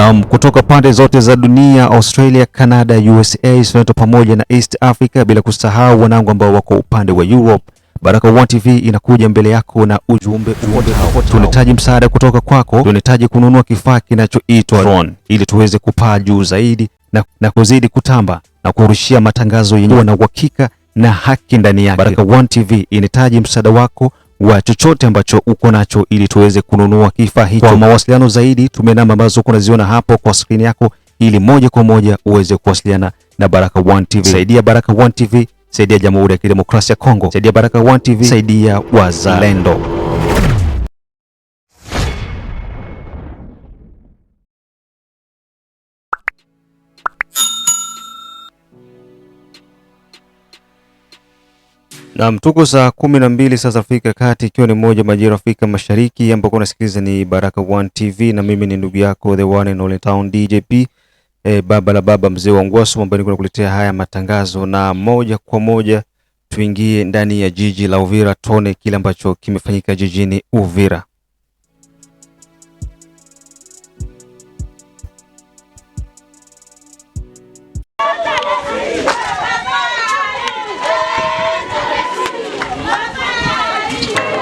Naam, kutoka pande zote za dunia, Australia, Canada, USA, Soneto pamoja na East Africa, bila kusahau wanangu ambao wako upande wa Europe. Baraka1 TV inakuja mbele yako na ujumbe ufuatao. Tunahitaji msaada kutoka kwako. Tunahitaji kununua kifaa kinachoitwa drone ili tuweze kupaa juu zaidi na, na kuzidi kutamba na kurushia matangazo yenye na uhakika na haki ndani yake. Baraka1 TV inahitaji msaada wako wa chochote ambacho uko nacho ili tuweze kununua kifaa hicho. Kwa mawasiliano zaidi, tumia namba ambazo unaziona hapo kwa skrini yako ili moja kwa moja uweze kuwasiliana na Baraka One TV. Saidia Baraka One TV, saidia Jamhuri ya Kidemokrasia ya Kongo, saidia Baraka One TV, saidia wazalendo. Naam, tuko saa kumi na mbili sasa Afrika ya Kati, ikiwa ni moja majira Afrika Mashariki, ambako unasikiliza ni Baraka One TV na mimi ni ndugu yako the one and only town DJP, e, eh, baba la baba mzee wa Ngwasu, ambaye niko nakuletea haya matangazo, na moja kwa moja tuingie ndani ya jiji la Uvira, tone kile ambacho kimefanyika jijini Uvira.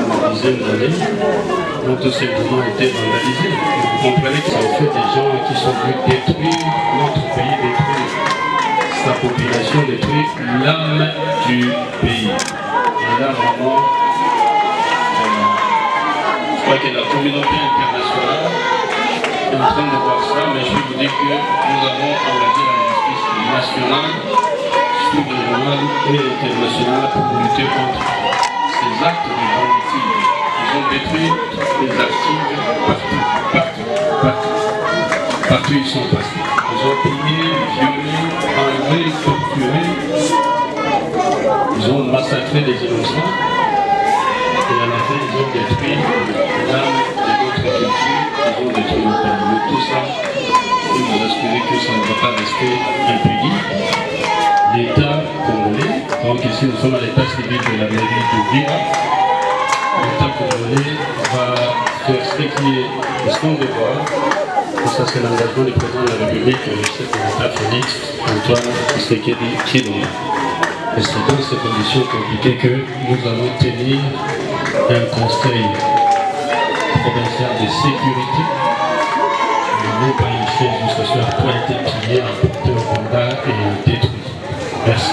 une dizaine d'années. quand tous ces mouvements été vandalisés. Vous comprenez que ça a fait des gens qui sont venus détruire notre pays, détruire sa population, détruire l'âme du pays. Et là vraiment, euh, je crois que la communauté internationale est en train de voir ça, mais je vous dire que nous avons engagé la justice nationale, sous et internationale pour lutter contre ces actes ils ont détruit les archives partout, partout, partout. Partout ils sont passés. Ils ont pillé, violé, enlevé, torturé. Ils ont massacré les innocents. Et à la fin, ils ont détruit l'âme et notre culture. Ils ont détruit le pays. Tout ça, pour nous assurer que ça ne va pas rester impuni. L'État congolais, donc ici nous sommes à l'état civil de la mairie de Vira, qui est ce qu'on dévoile, et ça c'est l'engagement du président de la République, le euh, chef de l'État, Félix Antoine Tshisekedi est Et c'est dans ces conditions compliquées que nous allons tenir un conseil provincial de sécurité. Le mot païché jusqu'à ce à quoi été pillé, emporté au bas et détruit. Merci.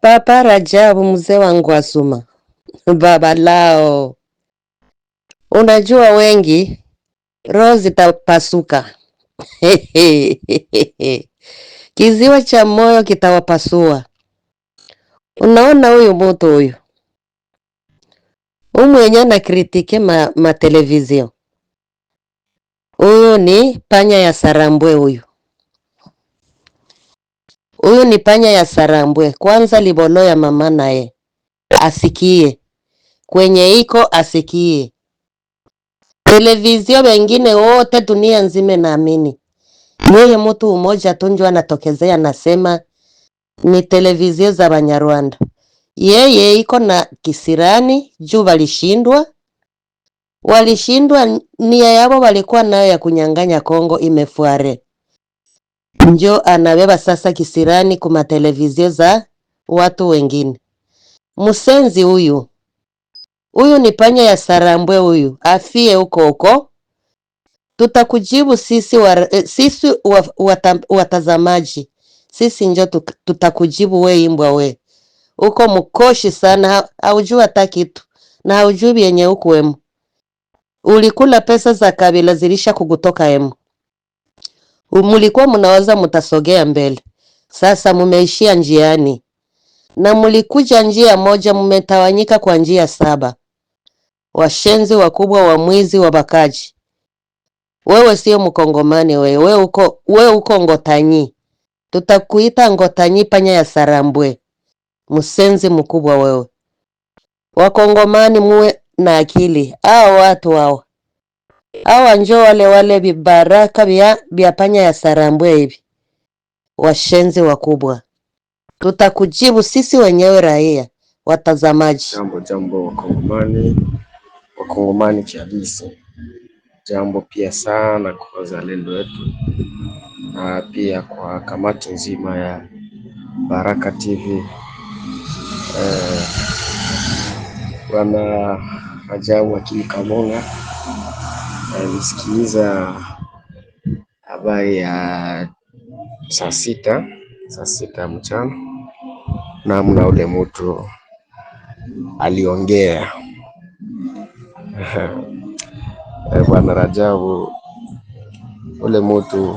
Papa Rajabu, mzee wangu wa Zuma, baba lao. Unajua wengi roho zitapasuka kiziwa cha moyo kitawapasua. Unaona huyu moto huyu mwenye na kritike ma, ma televizio huyu ni panya ya sarambwe huyu Huyu ni panya ya Sarambwe, kwanza libolo ya mama naye asikie kwenye iko asikie televizio, wengine wote dunia nzime. Naamini yeye mtu umoja tu njo anatokezea nasema ni televizio za Banyarwanda. Yeye iko na kisirani juu walishindwa, walishindwa. Nia yao walikuwa nayo ya kunyang'anya Kongo imefuare njo anabeba sasa kisirani kuma televizio za watu wengine. Musenzi huyu huyu ni panya ya Sarambwe, huyu afie huko huko. Tutakujibu sisi, wa, eh, sisi watazamaji, sisi njo tutakujibu we imbwa we uko mkoshi sana, haujua hata kitu na haujui yenye ukuwemo. Ulikula pesa za kabila zilisha kugutoka emu Mulikuwa mnawaza mtasogea mbele, sasa mumeishia njiani, na mulikuja njia moja, mmetawanyika kwa njia saba. Washenzi wakubwa wa mwizi wa bakaji. Wewe sio mkongomani wewe, we uko, we uko Ngotanyi, tutakuita Ngotanyi panya ya Sarambwe, msenzi mkubwa wewe. Wakongomani muwe na akili, hao watu hao Awa njo walewale vibaraka vya panya ya sarambwe hivi, washenzi wakubwa. Tutakujibu sisi wenyewe raia watazamaji. Jambo jambo, Wakongomani, Wakongomani kabisa Jambo pia sana kwa wazalendo wetu na pia kwa kamati nzima ya Baraka TV. eh, wana Rajabu Akili Kamonga nilisikiliza habari ya saa sita saa sita mchana, namna ule mtu aliongea eh, Bwana Rajabu ule mtu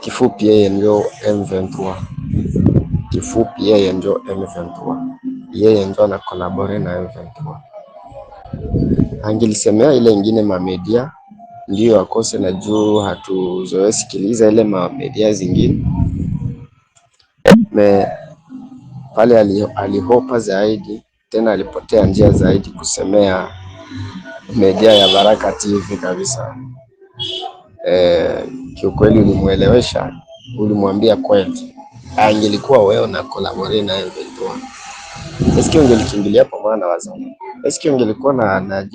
kifupi, yeye ndio M23, kifupi, yeye ndio M23, yeye ndio anakolabore na M23 angelisemea ile ingine mamedia ndio akose na juu hatuzoesikiliza ile mamedia zingine me pale alihopa zaidi tena alipotea njia zaidi kusemea media ya Baraka TV kabisa. E, kiukweli ulimwelewesha, ulimwambia kweli. Angelikuwa wewe na kolabore naye, ngelikuwa nasikia ungelikimbilia pamoja na wazungu. Eske ungelikuwa na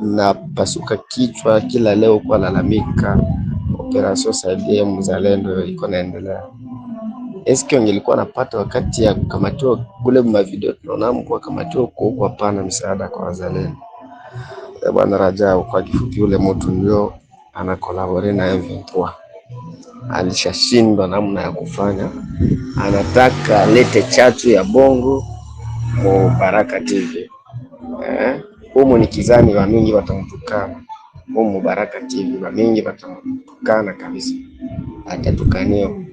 na pasuka kichwa kila leo kwa lalamika operasio saidia mzalendo iko naendelea. Eske ungelikuwa napata wakati ya kukamatiwa kule mavideo tunaona kuwakamatiwa kuhuku, hapana misaada kwa wazalendo eh, bwana Rajau. Kwa kifupi, yule mtu ndio kolabore na M23 alishashindwa namna ya kufanya, anataka alete chachu ya bongo mu Baraka TV eh, humu ni kizani, wamingi watamutukana humu Baraka TV, wamingi watamutukana kabisa, atatukanio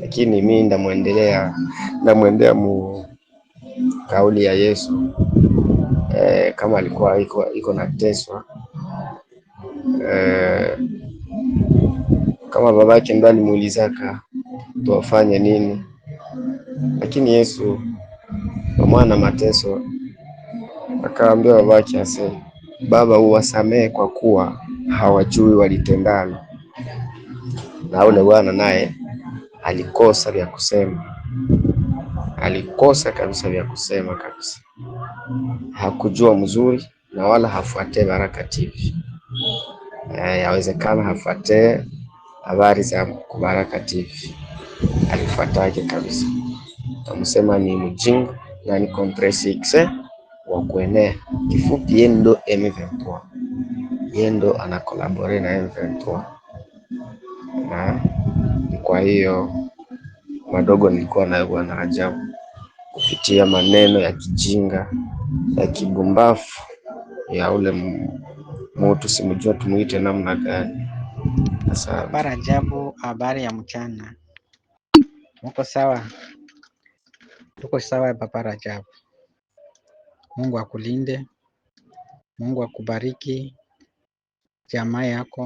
lakini mi ndamwendelea ndamwendea mu kauli ya Yesu eh, kama alikuwa iko, iko teswa eh, kama babake ndo alimuulizaka tuwafanye nini, lakini Yesu kwa mateso akaambia babake asema, Baba, uwasamehe kwa kuwa hawajui walitendalo. Na ule bwana naye alikosa vya kusema, alikosa kabisa vya kusema kabisa, hakujua mzuri na wala hafuatee Baraka TV. Eh, yawezekana hafuatee habari za Baraka TV, alifuataje kabisa, tamsema ni mjinga na ni eh? wa kuenea, kifupi yeye ndo M23, yeye ndo ana na M23, na kwa hiyo madogo nilikuwa nayo na rajabu kupitia maneno ya kijinga ya kibumbafu ya ule mutu simujua tumuite namna gani. Sasa Barajabu, habari ya mchana, muko sawa? Tuko sawa, Baba Rajabu. Mungu akulinde, Mungu akubariki jamaa yako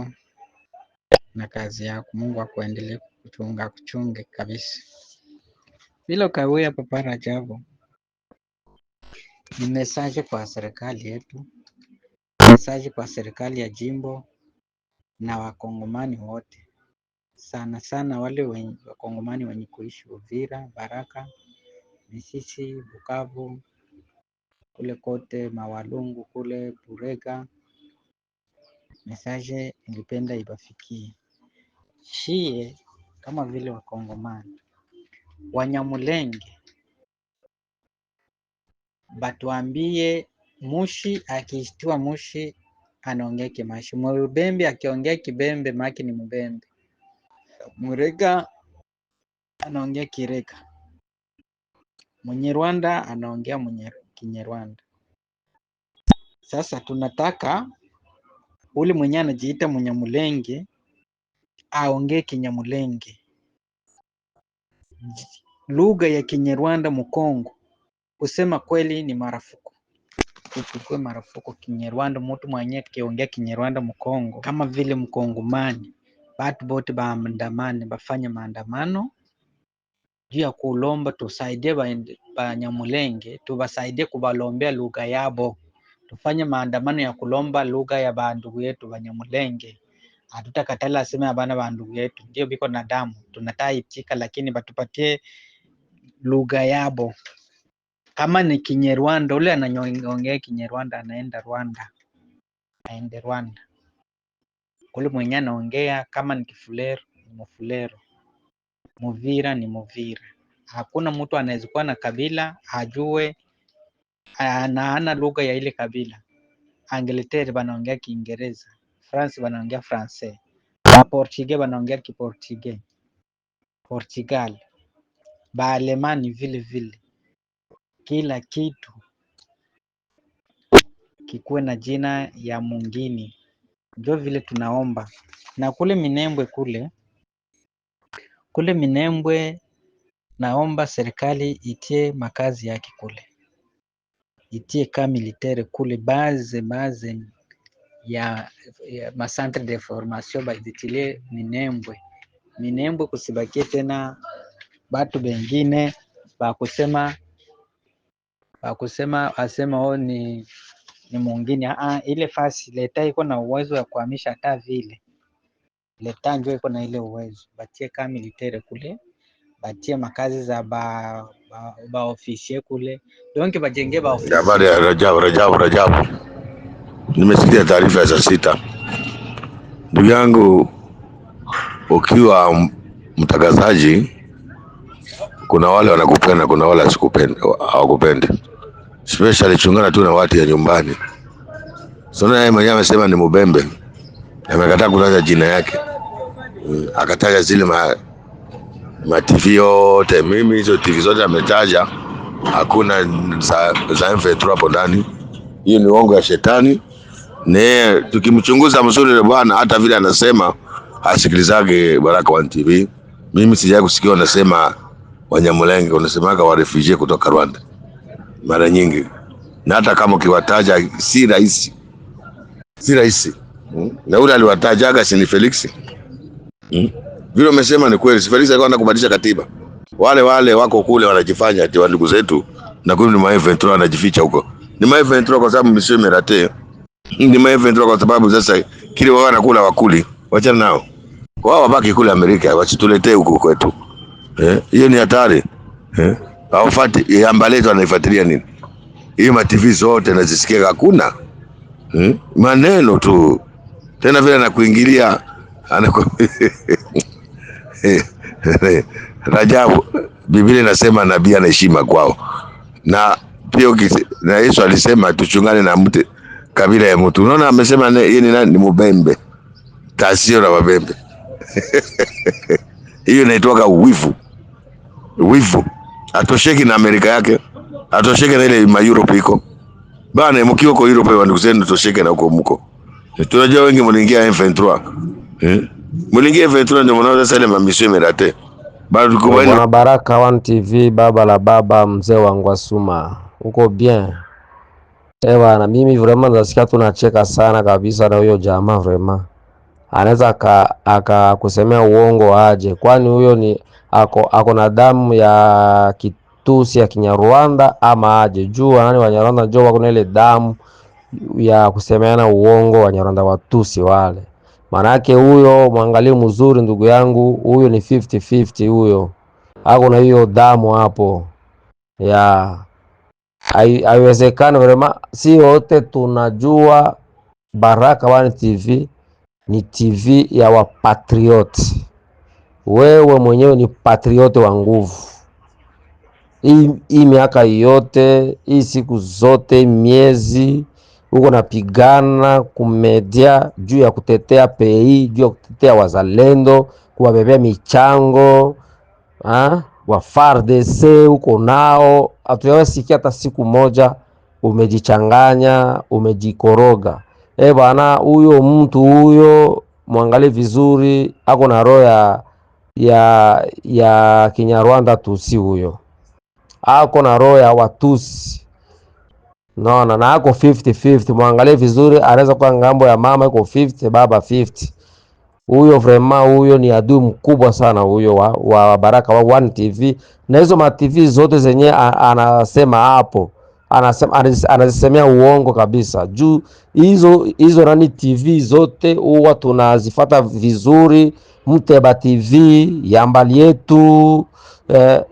na kazi yako. Mungu akuendelee kuchunga kuchunge kabisa. Bila Kawia Papa Rajabu ni mesaji kwa serikali yetu, mesaji kwa serikali ya jimbo na wakongomani wote, sana sana wale wenye, wakongomani wenye kuishi Uvira, Baraka, Misisi, Bukavu, kule kote Mawalungu kule Burega, mesaje ilipenda ibafikie shie kama vile Wakongomani, Wanyamulenge batuambie mushi akiishtiwa mushi anaongea kimashi, mubembe akiongea kibembe maki ni mubembe, murega anaongea kirega, rwanda anaongea mwenye Kinyarwanda. Sasa tunataka ule mwenye anajiita Mnyamulenge aongee Kinyamulenge, lugha ya Kinyarwanda Mkongo. Kusema kweli ni marafuku, ipigwe marafuku Kinyarwanda. Mtu mwenye akiongea Kinyarwanda Mkongo kama vile Mkongomani, batu bote baandamane, bafanye maandamano juu ya kulomba tusaidie Banyamulenge, tubasaidie kubalombea lugha yabo. Tufanye maandamano ya kulomba lugha ya bandugu yetu Banyamulenge. Hatutakatala asema ya bana bandugu yetu ndio biko na damu tunataa ichika, lakini batupatie lugha yabo. Kama ni Kinyerwanda, ule ananyongea Kinyerwanda anaenda Rwanda, aende Rwanda. Kule mwenye anaongea kama ni kifulero ni Mufulero. Muvira ni Muvira, hakuna mtu anaweza kuwa na kabila ajue na ana lugha ya ile kabila. Angleterre banaongea Kiingereza, France banaongea Francais, Portugal banaongea Kiportugal, Portugal, Baalemani vile vile. Kila kitu kikuwe na jina ya mungini, ndio vile tunaomba na kule Minembwe kule kule Minembwe naomba serikali itie makazi yake kule, itie ka militaire kule base base ya, ya macentre de formation bazitilie Minembwe. Minembwe kusibakie tena batu bengine bakusema bakusema asema o oh, ni ni mwingine. Aa, ah, ah, ile fasi leta iko na uwezo wa kuhamisha hata vile Leta njo iko na ile uwezo batie ka militaire kule, batie makazi za ba ba, ba ofisier kule donc bajenge baofisi. Habari ya Rajabu, Rajabu, Rajabu, nimesikia taarifa za sita. Ndugu yangu, ukiwa mtangazaji, kuna wale wanakupenda, kuna wale asikupenda hawakupenda especially chungana tu na watu ya nyumbani. Sanaye mwenyewe amesema ni Mubembe, amekataa kutaja jina yake akataja zile ma, ma TV yote. Mimi hizo TV zote ametaja, hakuna za, za M23 hapo ndani. Hiyo ni uongo ya shetani, na tukimchunguza mzuri bwana, hata vile anasema hasikilizage Baraka One TV. Mimi sijawahi kusikia anasema Wanyamulenge wanasemaga wa refugee kutoka Rwanda mara nyingi, na hata kama ukiwataja si rahisi, si rahisi hmm? na ule aliwatajaga si ni Felix Hmm? Vile umesema ni kweli, Felix alikuwa anataka kubadilisha katiba. Wale wale wako kule wanajifanya ati ndugu zetu na kule ni Mae Ventura anajificha huko. Ni Mae Ventura kwa sababu msio merate. Ni Mae Ventura kwa sababu sasa kile wao wanakula wakuli. Wachana nao. Wao wabaki kule Amerika, wasituletee huko kwetu. Eh? Hiyo ni hatari. Eh? Au Hawafati ambalezo anaifuatilia nini? hii? ma TV zote nazisikia hakuna. Hmm? Maneno tu. Tena vile kuingilia Eh, Rajabu, Biblia inasema nabii ana heshima kwao, na pia na Yesu alisema tuchungane na mtu kabila ya mtu. Unaona, amesema yeye ni nani? Ni Mubembe, tasio la Wabembe hiyo inaitwaga wivu. Wivu atosheki na Amerika yake, atosheki na ile ma Europe iko bana. Mkiwa kwa Europe, ndugu zenu, tosheke na huko mko. Tunajua wengi mliingia M23 Eh? Mulingie ndio imerate. Bado Baraka One TV baba la baba mzee wangu Asuma. Uko bien? ewa? Eh, na mimi vraiment nasikia tunacheka sana kabisa na huyo jamaa vraiment. Anaweza akakusemea uongo aje, kwani huyo ni ako, ako na damu ya kitusi ya Kinyarwanda ama aje? Juu anani Wanyarwanda jo kuna ile damu ya kusemeana uongo Wanyarwanda watusi wale Manake huyo mwangalie mzuri, ndugu yangu, huyo ni 50-50 huyo, ako na hiyo damu hapo ya haiwezekani vrema. Si wote tunajua Baraka One TV ni TV ya wapatrioti. Wewe mwenyewe ni patriot wa nguvu. Hii miaka yote hii siku zote miezi huko napigana kumedia juu ya kutetea pei, juu ya kutetea wazalendo, kuwabebea michango ha? wa FARDC huko nao, hatujawasikia hata siku moja umejichanganya, umejikoroga. E bwana, huyo mtu huyo mwangalie vizuri, ako na roho ya ya ya Kinyarwanda Tusi, huyo ako na roho ya Watusi. Naona na ako 50 50, mwangalie vizuri, anaweza kuwa ngambo ya mama iko 50, baba 50. Huyo vrema, huyo ni adui mkubwa sana huyo wa, wa Baraka wa One TV na hizo ma TV zote zenye anasema hapo, anasema anazisemea uongo kabisa. Juu hizo hizo nani TV zote huwa tunazifata vizuri, Mteba TV, Yambali yetu eh,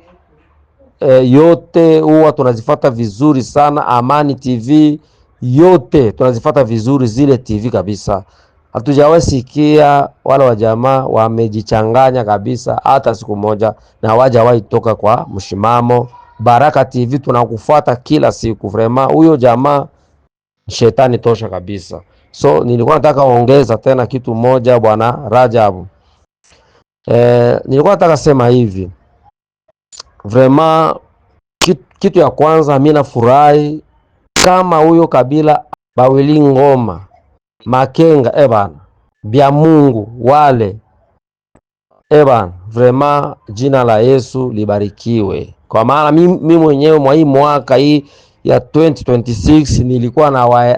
e, yote huwa tunazifata vizuri sana. Amani TV yote tunazifata vizuri zile TV kabisa, hatujawasikia wala wajamaa wamejichanganya kabisa hata siku moja, na hawajawahi toka kwa mshimamo. Baraka TV tunakufuata kila siku, vraiment huyo jamaa shetani tosha kabisa. So nilikuwa nataka ongeza tena kitu moja, bwana Rajabu. E, nilikuwa nataka sema hivi kit, kitu ya kwanza, mimi nafurahi kama huyo Kabila bawili ngoma makenga ebana eh bya Mungu wale ebana, eh vrema jina la Yesu libarikiwe, kwa maana mi mwenyewe mwa hii mwaka hii ya 2026 nilikuwa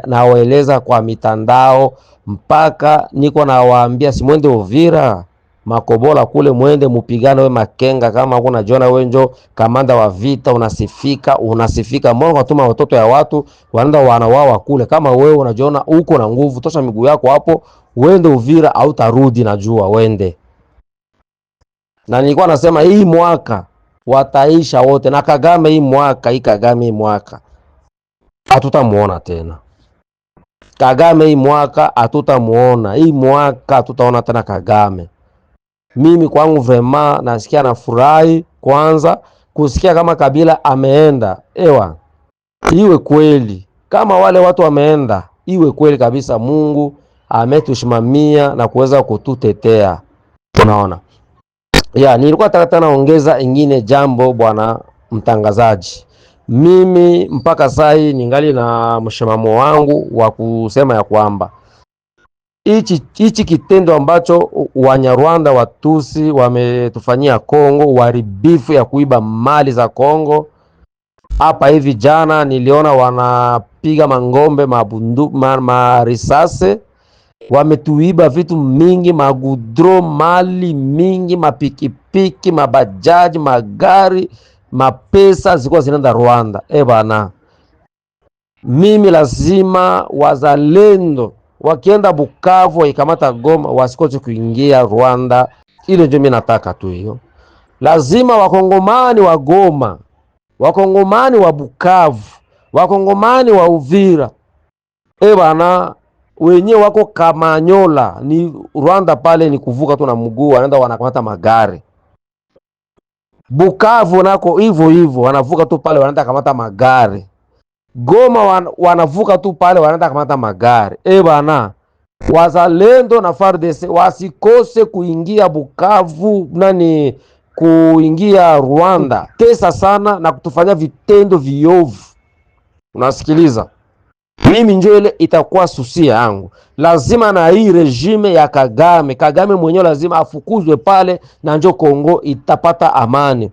nawaeleza kwa mitandao mpaka niko nawaambia simwende Uvira Makobola kule mwende mupigane, we Makenga, kama kuna jona wenjo kamanda wa vita, unasifika unasifika, mbona unatuma watoto ya watu wanaenda wanawawa kule? Kama wewe unajiona uko na nguvu tosha, miguu yako hapo, wende Uvira au tarudi, najua wende. Na nilikuwa nasema hii mwaka wataisha wote, na Kagame hii mwaka hii, Kagame hii mwaka hatutamuona tena. Kagame hii mwaka hatutamuona, hii mwaka hatutaona tena Kagame. Mimi kwangu vrema nasikia nafurahi kwanza kusikia kama Kabila ameenda ewa, iwe kweli kama wale watu wameenda, iwe kweli kabisa. Mungu ametushimamia na kuweza kututetea, unaona ya. Nilikuwa nataka naongeza ingine jambo, bwana mtangazaji, mimi mpaka sahi ningali na mshimamo wangu wa kusema ya kwamba hichi hichi kitendo ambacho Wanyarwanda Watusi wametufanyia Kongo, uharibifu ya kuiba mali za Kongo. Hapa hivi jana niliona wanapiga mangombe, mabunduki, marisase, wametuiba vitu mingi, magudro, mali mingi, mapikipiki, mabajaji, magari, mapesa zilikuwa zinaenda Rwanda. E bana, mimi lazima wazalendo wakienda Bukavu waikamata Goma wasikoche kuingia Rwanda. Ile ndio mimi nataka tu hiyo. Lazima wakongomani wa Goma, wakongomani wa Bukavu, wakongomani wa Uvira, e bana wenye wako Kamanyola ni Rwanda pale, ni kuvuka tu na mguu, wanaenda wanakamata magari. Bukavu nako hivyo hivyo, wanavuka tu pale, wanaenda kamata magari. Goma wan, wanavuka tu pale wanaenda kamata magari. e bana, wazalendo na FARDC wasikose kuingia Bukavu nani kuingia Rwanda tesa sana na kutufanya vitendo viovu. Unasikiliza, mimi njo ile itakuwa susia yangu, lazima na hii regime ya Kagame. Kagame mwenyewe lazima afukuzwe pale, na njo Kongo itapata amani.